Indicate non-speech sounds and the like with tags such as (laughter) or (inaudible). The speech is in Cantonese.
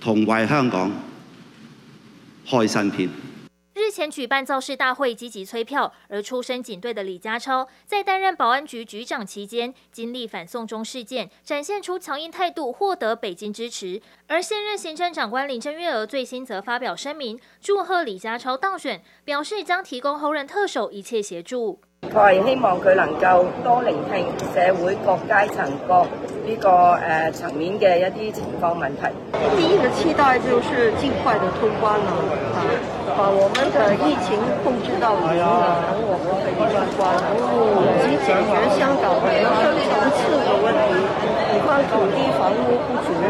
同為香港開新篇。日前舉辦造勢大會，積極催票。而出身警隊的李家超，在擔任保安局局長期間，經歷反送中事件，展現出強硬態度，獲得北京支持。而現任行政長官林鄭月娥最新則發表聲明，祝賀李家超當選，表示將提供候任特首一切協助。佢係希望佢能夠多聆聽社會各階層各呢個誒層面嘅一啲情況問題。第一個期待就是盡快的通關啦，把把我們的疫情控制到零啦，然後 (noise) 我們可以通關，然後解決香港民生深層次問題，有關土地房屋不足。